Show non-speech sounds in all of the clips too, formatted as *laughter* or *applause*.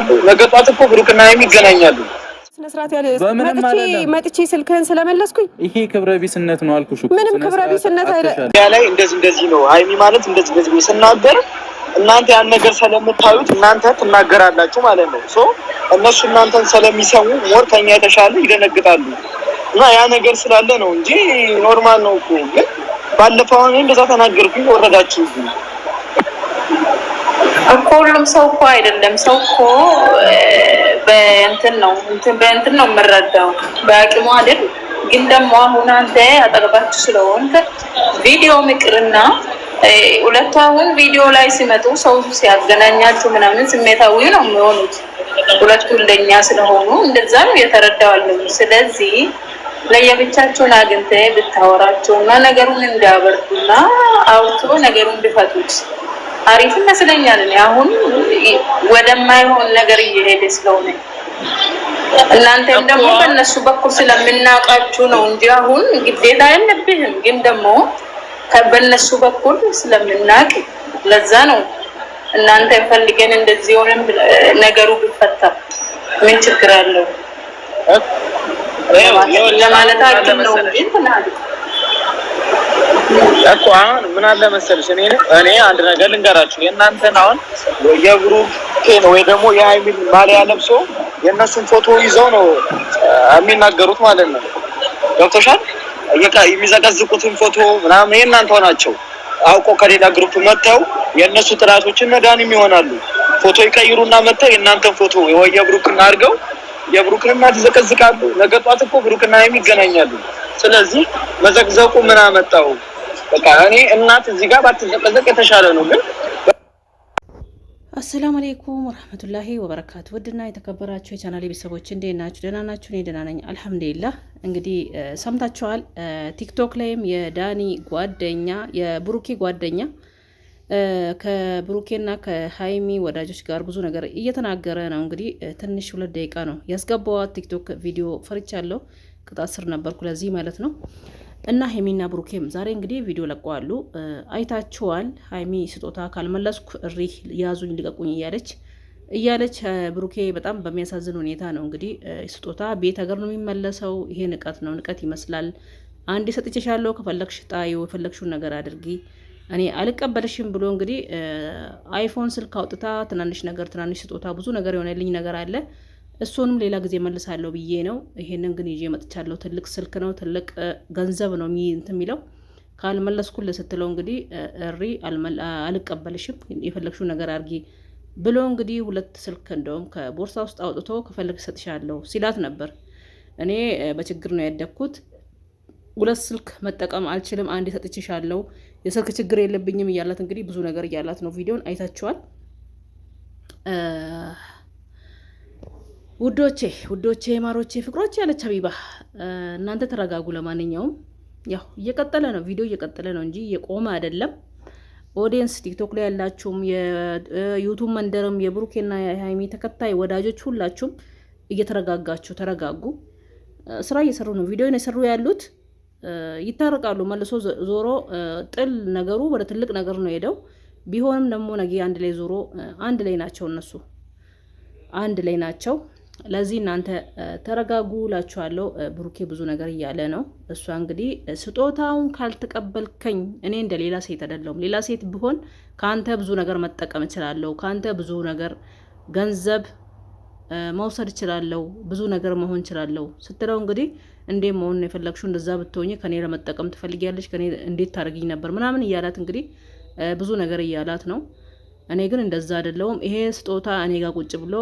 ይገናኛሉ። ነገ ጧት እኮ ብሩክና ሀይሚ ይገናኛሉ። ያለ መጥቼ ስልክህን ስለመለስኩኝ ይሄ ክብረ ቢስነት ነው አልኩሽ። ምንም ክብረ ቢስነት አይደለም። ላይ እንደዚህ እንደዚህ ነው ሀይሚ ማለት እንደዚህ እንደዚህ ስናገር እናንተ ያን ነገር ስለምታዩት እናንተ ትናገራላችሁ ማለት ነው። ሶ እነሱ እናንተን ስለሚሰሙ ሞር ከኛ የተሻለ ይደነግጣሉ። እና ያ ነገር ስላለ ነው እንጂ ኖርማል ነው እኮ። ግን ባለፈው እኔ እንደዛ ተናገርኩኝ፣ ወረዳችሁ እኮ ሁሉም ሰው እኮ አይደለም። ሰው እኮ በእንትን ነው በእንትን ነው የምረዳው በአቅሙ አይደል። ግን ደግሞ አሁን አንተ አጠገባችሁ ስለሆንክ ቪዲዮ ምቅርና ሁለቱ አሁን ቪዲዮ ላይ ሲመጡ ሰው ሲያገናኛችሁ ምናምን ስሜታዊ ነው የሚሆኑት ሁለቱ እንደኛ ስለሆኑ እንደዛ እየተረዳዋል። ስለዚህ ለየብቻቸውን አግኝተ ብታወራቸውና ነገሩን እንዳያበርዱና አውርቶ ነገሩን ቢፈቱት አሪፍ ይመስለኛል። አሁን ወደማይሆን ነገር እየሄደ ስለሆነ እናንተም ደግሞ በእነሱ በኩል ስለምናውቃችሁ ነው እንጂ አሁን ግዴታ የለብህም። ግን ደግሞ በእነሱ በኩል ስለምናውቅ ለዛ ነው እናንተ ፈልገን እንደዚህ ሆነ ነገሩ ቢፈታ ምን ችግር አለው ለማለት አቅም ነው ግን እኮ አሁን ምን አለ መሰለሽ፣ እኔ እኔ አንድ ነገር ልንገራችሁ። የእናንተን አሁን የብሩኬን ወይ ደግሞ የሀይሚን ማሊያ ለብሶ የእነሱን ፎቶ ይዘው ነው የሚናገሩት ማለት ነው። ገብቶሻል? የሚዘቀዝቁትን ፎቶ ምናምን የእናንተው ናቸው። አውቆ ከሌላ ግሩፕ መጥተው የእነሱ ጥላቶችን መዳንም ይሆናሉ። ፎቶ ይቀይሩና መጥተው የእናንተን ፎቶ ወይ የብሩክና አድርገው የብሩክንና ትዘቀዝቃሉ። ነገ ጧት እኮ ብሩክና ሀይሚ ይገናኛሉ። ስለዚህ መዘቅዘቁ ምን አመጣው? በቃ እኔ እናት እዚህ ጋር ባትዘቀዘቅ የተሻለ ነው ግን አሰላሙ አሌይኩም ወረህመቱላሂ ወበረካቱ። ውድና የተከበራችሁ የቻናሌ ቤተሰቦች እንዴት ናችሁ? ደህና ናችሁ? እኔ ደህና ነኝ አልሐምዱሊላህ። እንግዲህ ሰምታችኋል። ቲክቶክ ላይም የዳኒ ጓደኛ የብሩኬ ጓደኛ ከብሩኬና ከሀይሚ ወዳጆች ጋር ብዙ ነገር እየተናገረ ነው። እንግዲህ ትንሽ ሁለት ደቂቃ ነው ያስገባዋት ቲክቶክ ቪዲዮ ፈርቻለሁ ቅጣት ስር ነበርኩ ለዚህ ማለት ነው። እና ሀይሚና ብሩኬም ዛሬ እንግዲህ ቪዲዮ ለቀዋሉ አይታችኋል። ሀይሚ ስጦታ ካልመለስኩ እሪ ያዙኝ ልቀቁኝ እያለች እያለች ብሩኬ በጣም በሚያሳዝን ሁኔታ ነው እንግዲህ ስጦታ ቤት ሀገር ነው የሚመለሰው። ይሄ ንቀት ነው፣ ንቀት ይመስላል። አንዴ ሰጥቼሻለሁ፣ ከፈለግሽ ጣዩ፣ የፈለግሽውን ነገር አድርጊ፣ እኔ አልቀበልሽም ብሎ እንግዲህ አይፎን ስልክ አውጥታ ትናንሽ ነገር ትናንሽ ስጦታ ብዙ ነገር የሆነልኝ ነገር አለ እሱንም ሌላ ጊዜ መልሳለሁ ብዬ ነው። ይሄንን ግን ይዤ መጥቻለሁ። ትልቅ ስልክ ነው፣ ትልቅ ገንዘብ ነው እንትን የሚለው ካልመለስኩልህ ስትለው እንግዲህ እሪ አልቀበልሽም፣ የፈለግሽው ነገር አርጊ ብሎ እንግዲህ ሁለት ስልክ እንደውም ከቦርሳ ውስጥ አውጥቶ ከፈለግ ሰጥሻለሁ ሲላት ነበር። እኔ በችግር ነው ያደግኩት። ሁለት ስልክ መጠቀም አልችልም። አንድ እሰጥችሻለሁ፣ የስልክ ችግር የለብኝም እያላት እንግዲህ ብዙ ነገር እያላት ነው። ቪዲዮን አይታችኋል። ውዶቼ ውዶቼ ማሮቼ ፍቅሮቼ ያለች ሀቢባ እናንተ ተረጋጉ። ለማንኛውም ያው እየቀጠለ ነው ቪዲዮ እየቀጠለ ነው እንጂ የቆመ አይደለም። ኦዲየንስ ቲክቶክ ላይ ያላችሁም የዩቱብ መንደርም የብሩኬና የሀይሚ ተከታይ ወዳጆች ሁላችሁም እየተረጋጋችሁ ተረጋጉ። ስራ እየሰሩ ነው፣ ቪዲዮ የሰሩ ያሉት ይታረቃሉ። መልሶ ዞሮ ጥል ነገሩ ወደ ትልቅ ነገር ነው ሄደው ቢሆንም ደግሞ ነገ አንድ ላይ ዞሮ አንድ ላይ ናቸው እነሱ አንድ ላይ ናቸው። ለዚህ እናንተ ተረጋጉ ላችኋለሁ። ብሩኬ ብዙ ነገር እያለ ነው። እሷ እንግዲህ ስጦታውን ካልተቀበልከኝ እኔ እንደ ሌላ ሴት አይደለሁም። ሌላ ሴት ብሆን ከአንተ ብዙ ነገር መጠቀም እችላለሁ፣ ከአንተ ብዙ ነገር ገንዘብ መውሰድ እችላለሁ፣ ብዙ ነገር መሆን እችላለሁ ስትለው እንግዲህ እንዴ መሆን የፈለግሽው እንደዛ ብትሆኝ ከኔ ለመጠቀም ትፈልጊያለሽ፣ ከኔ እንዴት ታደርግኝ ነበር ምናምን እያላት እንግዲህ ብዙ ነገር እያላት ነው እኔ ግን እንደዛ አይደለውም። ይሄ ስጦታ እኔ ጋር ቁጭ ብሎ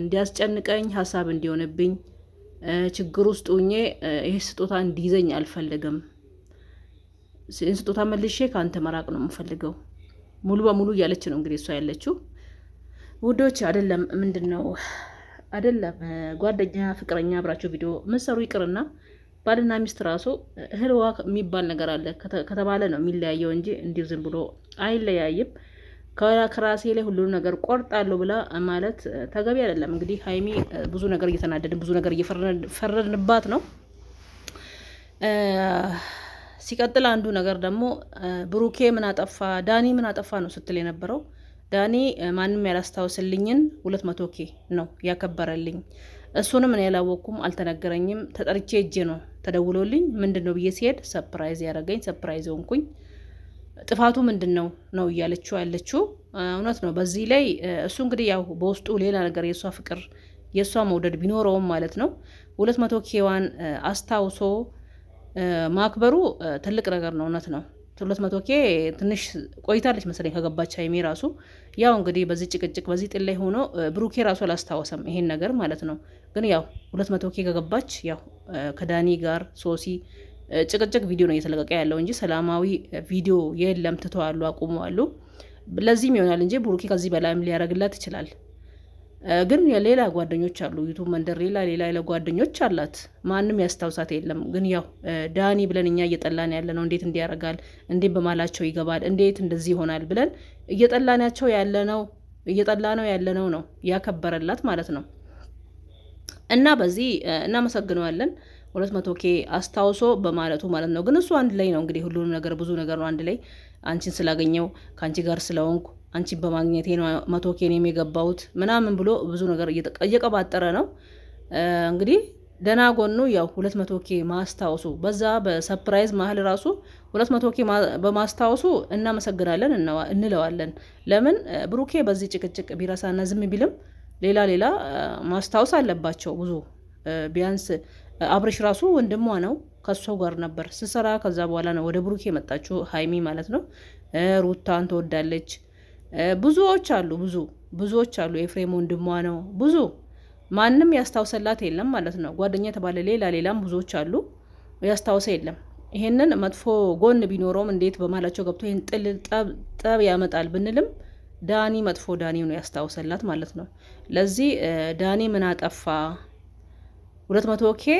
እንዲያስጨንቀኝ ሀሳብ እንዲሆንብኝ ችግር ውስጥ ሁኜ ይሄ ስጦታ እንዲይዘኝ አልፈልግም። ይህን ስጦታ መልሼ ከአንተ መራቅ ነው የምፈልገው ሙሉ በሙሉ እያለች ነው እንግዲህ እሷ ያለችው። ውዶች አይደለም ምንድን ነው አይደለም ጓደኛ፣ ፍቅረኛ አብራቸው ቪዲዮ ምሰሩ ይቅርና ባልና ሚስት ራሱ እህል ውሃ የሚባል ነገር አለ ከተባለ ነው የሚለያየው እንጂ እንዲሁ ዝም ብሎ አይለያይም። ከራሴ ላይ ሁሉንም ነገር ቆርጣለሁ ብላ ማለት ተገቢ አይደለም። እንግዲህ ሀይሚ ብዙ ነገር እየተናደድን ብዙ ነገር እየፈረድንባት ነው። ሲቀጥል አንዱ ነገር ደግሞ ብሩኬ ምን አጠፋ፣ ዳኒ ምን አጠፋ ነው ስትል የነበረው። ዳኒ ማንም ያላስታውስልኝን ሁለት መቶ ኬ ነው ያከበረልኝ። እሱንም እኔ ያላወቅኩም አልተነገረኝም። ተጠርቼ እጄ ነው ተደውሎልኝ ምንድን ነው ብዬ ሲሄድ ሰፕራይዝ ያደረገኝ ሰፕራይዝ ሆንኩኝ። ጥፋቱ ምንድን ነው ነው እያለችው ያለችው እውነት ነው። በዚህ ላይ እሱ እንግዲህ ያው በውስጡ ሌላ ነገር የእሷ ፍቅር የእሷ መውደድ ቢኖረውም ማለት ነው ሁለት መቶ ኬዋን አስታውሶ ማክበሩ ትልቅ ነገር ነው። እውነት ነው። ሁለት መቶ ኬ ትንሽ ቆይታለች መሰለኝ ከገባች ሀይሚ ራሱ ያው እንግዲህ በዚህ ጭቅጭቅ በዚህ ጥል ላይ ሆኖ ብሩኬ ራሱ አላስታወሰም ይሄን ነገር ማለት ነው። ግን ያው ሁለት መቶ ኬ ከገባች ያው ከዳኒ ጋር ሶሲ ጭቅጭቅ ቪዲዮ ነው እየተለቀቀ ያለው እንጂ ሰላማዊ ቪዲዮ የለም። ትተዋሉ፣ አቁመዋሉ። ለዚህም ይሆናል እንጂ ብሩኬ ከዚህ በላይም ሊያደርግላት ይችላል። ግን ሌላ ጓደኞች አሉ፣ ዩቱብ መንደር ሌላ ሌላ ለ ጓደኞች አላት። ማንም ያስታውሳት የለም። ግን ያው ዳኒ ብለን እኛ እየጠላን ያለ ነው። እንዴት እንዲያረጋል፣ እንዴት በማላቸው ይገባል፣ እንዴት እንደዚህ ይሆናል ብለን እየጠላናቸው ያለ ነው እየጠላ ነው ያለ ነው ነው ያከበረላት ማለት ነው። እና በዚህ እናመሰግነዋለን። ሁለት መቶ ኬ አስታውሶ በማለቱ ማለት ነው። ግን እሱ አንድ ላይ ነው እንግዲህ ሁሉንም ነገር ብዙ ነገር ነው አንድ ላይ አንቺን ስላገኘው ከአንቺ ጋር ስለሆንኩ አንቺን በማግኘቴ መቶ ኬን የሚገባውት ምናምን ብሎ ብዙ ነገር እየቀባጠረ ነው እንግዲህ ደና ጎኑ ያው ሁለት መቶ ኬ ማስታወሱ በዛ በሰፕራይዝ መሀል ራሱ ሁለት መቶ ኬ በማስታወሱ እናመሰግናለን እንለዋለን። ለምን ብሩኬ በዚህ ጭቅጭቅ ቢረሳና ዝም ቢልም ሌላ ሌላ ማስታወስ አለባቸው ብዙ ቢያንስ አብረሽ ራሱ ወንድሟ ነው። ከሷው ጋር ነበር ስሰራ። ከዛ በኋላ ነው ወደ ብሩክ የመጣችው ሀይሚ ማለት ነው። ሩታን ትወዳለች። ብዙዎች አሉ፣ ብዙ ብዙዎች አሉ። ኤፍሬም ወንድሟ ነው። ብዙ ማንም ያስታውሰላት የለም ማለት ነው። ጓደኛ የተባለ ሌላ ሌላም ብዙዎች አሉ፣ ያስታውሰ የለም። ይሄንን መጥፎ ጎን ቢኖረውም እንዴት በማላቸው ገብቶ ይህን ጥል ጠብ ያመጣል ብንልም ዳኒ መጥፎ ዳኒ ነው ያስታውሰላት ማለት ነው። ለዚህ ዳኒ ምን አጠፋ ሁለት መቶ ኬ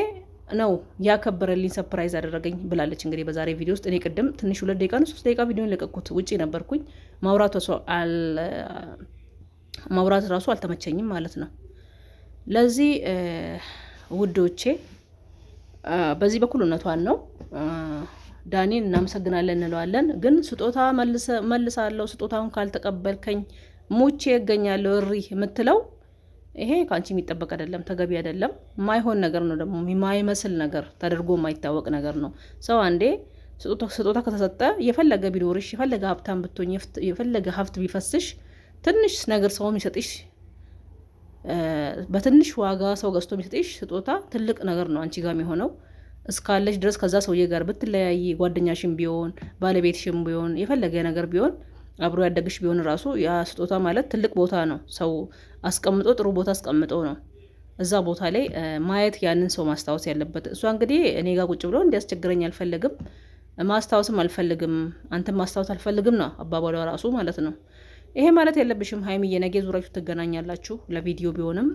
ነው ያከበረልኝ ሰፕራይዝ አደረገኝ ብላለች። እንግዲህ በዛሬ ቪዲዮ ውስጥ እኔ ቅድም ትንሽ ሁለት ደቂቃ ነው ሶስት ደቂቃ ቪዲዮን ለቀቅኩት። ውጭ ነበርኩኝ ማውራቱ ማውራት ራሱ አልተመቸኝም ማለት ነው። ለዚህ ውዶቼ በዚህ በኩል እውነቷን ነው። ዳኒን እናመሰግናለን እንለዋለን። ግን ስጦታ መልሳለሁ፣ ስጦታውን ካልተቀበልከኝ ሙቼ እገኛለሁ እሪ የምትለው ይሄ ከአንቺ የሚጠበቅ አይደለም፣ ተገቢ አይደለም። ማይሆን ነገር ነው ደግሞ የማይመስል ነገር ተደርጎ የማይታወቅ ነገር ነው። ሰው አንዴ ስጦታ ከተሰጠ የፈለገ ቢኖርሽ የፈለገ ሀብታም ብትሆኝ የፈለገ ሀብት ቢፈስሽ ትንሽ ነገር ሰው የሚሰጥሽ በትንሽ ዋጋ ሰው ገዝቶ የሚሰጥሽ ስጦታ ትልቅ ነገር ነው አንቺ ጋር የሚሆነው እስካለሽ ድረስ ከዛ ሰውዬ ጋር ብትለያይ ጓደኛሽም ቢሆን ባለቤትሽም ቢሆን የፈለገ ነገር ቢሆን አብሮ ያደግሽ ቢሆን ራሱ ያ ስጦታ ማለት ትልቅ ቦታ ነው። ሰው አስቀምጦ ጥሩ ቦታ አስቀምጦ ነው እዛ ቦታ ላይ ማየት ያንን ሰው ማስታወስ ያለበት። እሷ እንግዲህ እኔ ጋር ቁጭ ብሎ እንዲያስቸግረኝ አልፈልግም፣ ማስታወስም አልፈልግም፣ አንተም ማስታወስ አልፈልግም ነው አባባሏ ራሱ ማለት ነው። ይሄ ማለት ያለብሽም ሀይሚዬ፣ ነገ ዙራችሁ ትገናኛላችሁ። ለቪዲዮ ቢሆንም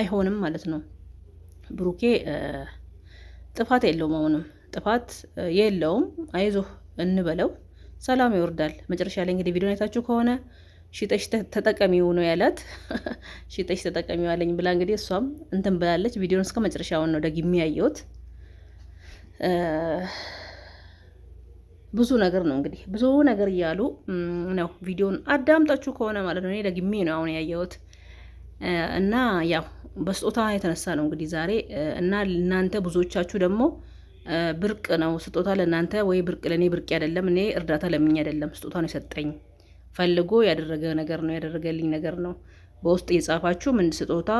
አይሆንም ማለት ነው። ብሩኬ ጥፋት የለውም፣ አሁንም ጥፋት የለውም። አይዞህ እንበለው ሰላም ይወርዳል። መጨረሻ ላይ እንግዲህ ቪዲዮን አይታችሁ ከሆነ ሽጠሽ ተጠቀሚው ነው ያላት። *laughs* ሽጠሽ ተጠቀሚው አለኝ ብላ እንግዲህ እሷም እንትን ብላለች። ቪዲዮን እስከ መጨረሻውን ነው ደግሜ ያየሁት። ብዙ ነገር ነው እንግዲህ ብዙ ነገር እያሉ ነው። ቪዲዮን አዳምጣችሁ ከሆነ ማለት ነው። እኔ ደግሜ ነው አሁን ያየሁት እና ያው በስጦታ የተነሳ ነው እንግዲህ ዛሬ እና እናንተ ብዙዎቻችሁ ደግሞ ብርቅ ነው ስጦታ ለእናንተ ወይ ብርቅ ለእኔ ብርቅ አይደለም። እኔ እርዳታ ለምኝ አይደለም፣ ስጦታ ነው የሰጠኝ። ፈልጎ ያደረገ ነገር ነው ያደረገልኝ ነገር ነው። በውስጥ እየጻፋችሁ ምን ስጦታ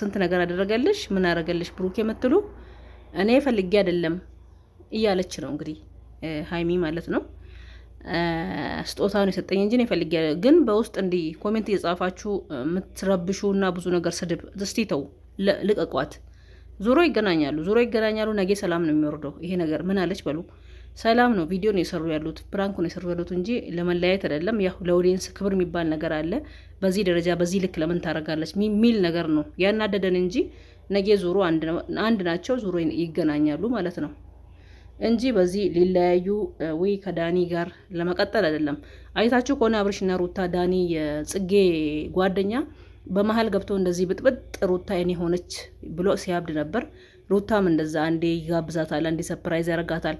ስንት ነገር አደረገልሽ፣ ምን አደረገልሽ ብሩክ የምትሉ እኔ ፈልጌ አይደለም እያለች ነው እንግዲህ ሀይሚ ማለት ነው። ስጦታውን የሰጠኝ እንጂ እኔ ፈልጌ ግን በውስጥ እንዲህ ኮሜንት እየጻፋችሁ የምትረብሹ እና ብዙ ነገር ስድብ እስቲ ተው፣ ልቀቋት። ዞሮ ይገናኛሉ፣ ዞሮ ይገናኛሉ። ነጌ ሰላም ነው የሚወርደው። ይሄ ነገር ምን አለች በሉ። ሰላም ነው ቪዲዮ ነው የሰሩ ያሉት ፕራንክ ነው የሰሩ ያሉት እንጂ ለመለያየት አይደለም። ያው ለኦዲየንስ ክብር የሚባል ነገር አለ። በዚህ ደረጃ በዚህ ልክ ለምን ታደርጋለች የሚል ነገር ነው ያናደደን እንጂ ነጌ ዞሮ አንድ ናቸው፣ ዞሮ ይገናኛሉ ማለት ነው እንጂ በዚህ ሊለያዩ ወይ ከዳኒ ጋር ለመቀጠል አይደለም። አይታችሁ ከሆነ አብርሽና ሩታ ዳኒ የጽጌ ጓደኛ በመሀል ገብቶ እንደዚህ ብጥብጥ ሩታ የኔ ሆነች ብሎ ሲያብድ ነበር። ሩታም እንደዛ አንዴ ይጋብዛታል፣ አንዴ ሰፕራይዝ ያረጋታል።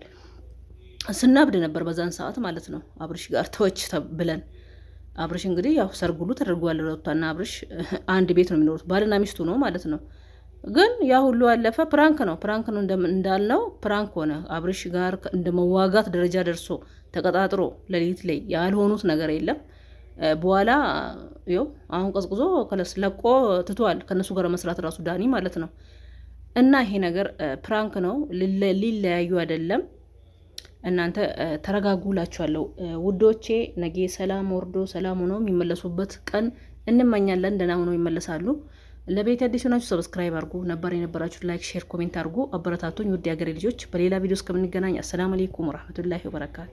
ስናብድ ነበር በዛን ሰዓት ማለት ነው። አብርሽ ጋር ተወች ብለን አብርሽ እንግዲህ ያው ሰርግ ተደርጓል። ሩታና አብርሽ *laughs* አንድ ቤት ነው የሚኖሩት፣ ባልና ሚስቱ ነው ማለት ነው። ግን ያ ሁሉ ያለፈ ፕራንክ ነው። ፕራንክ ነው እንዳልነው ፕራንክ ሆነ። አብርሽ ጋር እንደ መዋጋት ደረጃ ደርሶ ተቀጣጥሮ ሌሊት ላይ ያልሆኑት ነገር የለም። በኋላ ይኸው አሁን ቀዝቅዞ ከለስ ለቆ ትቷል። ከነሱ ጋር መስራት ራሱ ዳኒ ማለት ነው። እና ይሄ ነገር ፕራንክ ነው፣ ሊለያዩ አይደለም። እናንተ ተረጋጉላችኋለሁ ውዶቼ። ነገ ሰላም ወርዶ ሰላም ሆኖ የሚመለሱበት ቀን እንመኛለን። ደህና ሆኖ ይመለሳሉ። ለቤት አዲስ ሆናችሁ ሰብስክራይብ አድርጉ፣ ነበር የነበራችሁ ላይክ፣ ሼር፣ ኮሜንት አድርጉ። አበረታቱኝ ውድ የሀገሬ ልጆች። በሌላ ቪዲዮ እስከምንገናኝ አሰላም አሌይኩም ወረህመቱላሂ ወበረካቱ።